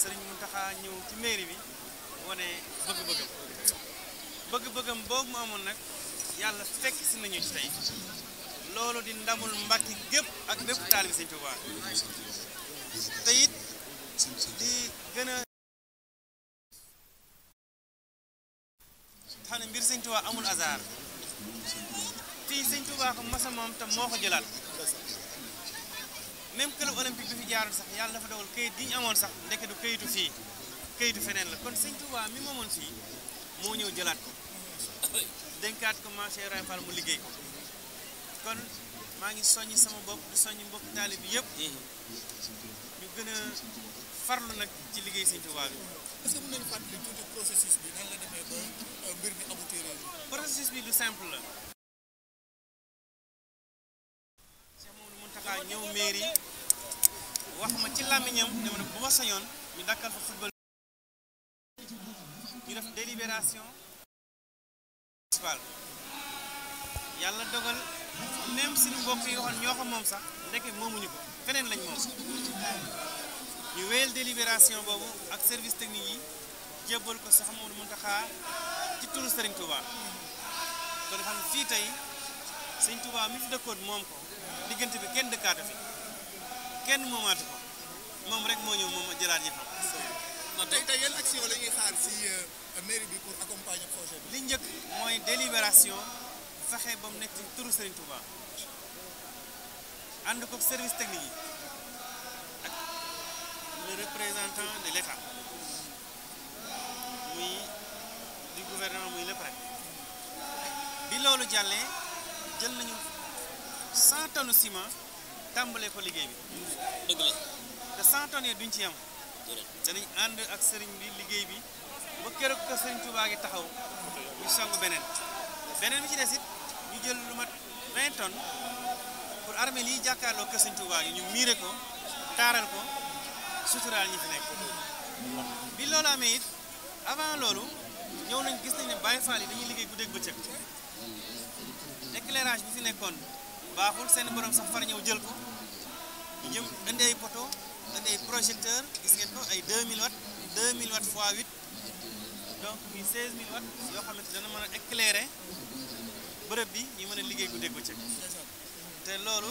sëriñ Mountakha ñëw ci mairie bi wane bëgg-bëggam bëgg boobu mu amoon nag yàlla fekk si nañu ci tey loolu di ndamul Mbàkke gépp ak bépp taalibe Sëriñ Tuubaa te di gën a mbir Sëriñ Tuubaa amul hasard fii Sëriñ Tuubaa ko moom te moo ko jëlaat même club olympique bi fi jaaroon sax yàlla dafa dogal kayit gi ñu amoon sax ndekk du kayitu fii kayitu feneen la kon sëñ Touba mi moomoon fii moo ñëw jëlaat ko dénkaat ko marché Ibrahima mu liggéey ko kon maa ngi soññi sama bopp di soññi mbokk taalib bi yëpp mm-hmm. ñu gën farlu nag ci liggéey sëñ Touba bi. est-ce que mën bi la demee ba euh, mbir mi aboutir lu simple la. wax ma ci làmmiñam ne ma ne bu ma sañoon ñu dakkal fa football ñu def délibération municipal yàlla dogal même suñu mbokk yi waxoon ñoo ko moom sax ndeke moomuñu ko feneen lañ moom ñu wéyal délibération boobu ak service technique yi jébbal ko Cheikh Mouhamadou Mountakha ci turu Serigne Touba kon xam fii tey Serigne Touba mi dëkkoon moom ko diggante bi kenn dëkkaata fi kenn moomaatu ko moom rek moo ñëw moom jëlaat yi fa. kon tey tey yan action la ñuy xaar si euh, mairie bi pour accompagner projet bi. li njëkk mooy délibération fexe ba mu nekk ci turu Serigne Touba ànd ko service technique yi ak le représentant de l' état muy du gouvernement muy le bi loolu jàllee jël nañu cent tonnes tàmbalee ko liggéey bi. dëgg la. te 100 yi duñ ci yem. danañ ànd ak sëriñ bi liggéey bi ba keroog ko sëriñ Touba gi taxaw ñu song beneen beneen bi ci des it ñu jël lu mat 20 tonnes pour armée lii jàkkaarloo ko sëriñ Touba gi ñu miire ko taaral ko suturaal ñi fi nekk bi loolu amee it avant loolu ñëw nañ gis nañ ne Baye Fall yi dañuy liggéey guddeeg bëccëg éclairage bi fi nekkoon baaxul seen borom sa far ñëw jël ko. ñu jëm indi ay poto indi ay gis ngeen ko ay 2000 watts 2000 watts fois 8 donc muy 16000 watts dana mën a éclairer bërëb bi ñu mën a liggéey guddeeg bëccëg te loolu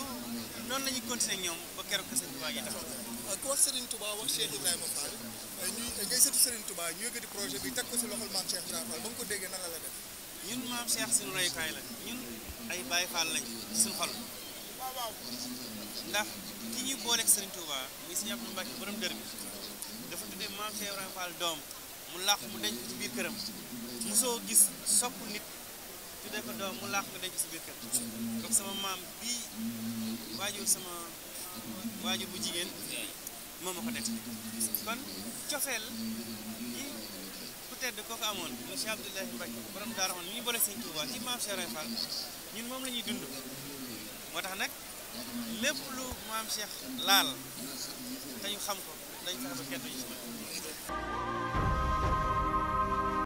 noonu la ñuy ñoom ba keroog Sëriñ Touba yi taxaw. Euh, ku wax Serigne Touba wax Cheikh Ibrahima Fall euh, euh, bi ko si loxol maam Cheikh Ibrahima Fall ba ko déggee nan la la def. ñun maam Cheikh suñu royukaay la ñun ay Baye Fall lañ suñu xol. waaw ndax ki ñuy booleeg Serigne Touba muy Serigne Abdou Mbacke borom dër bi dafa tuddee maam Cheikh Ibrahima Fall doom mu làq mu denc ci biir këram mosoo gis sopp nit tuddee ko doom mu làq ko denc ci biir këram comme sama maam bii waajur sama waajur bu jigéen moom ma ko def kon cofeel yi ku tedd koo ko amoon mu Cheikh Abdoulahi Mbacke borom daara xoon ni ñu booleeg Serigne Touba ci maam Cheikh Ibrahima Fall ñun moom la ñuy dund moo tax nag lépp lu maam Cheikh laal te xam ko dañ fexe ba kenn du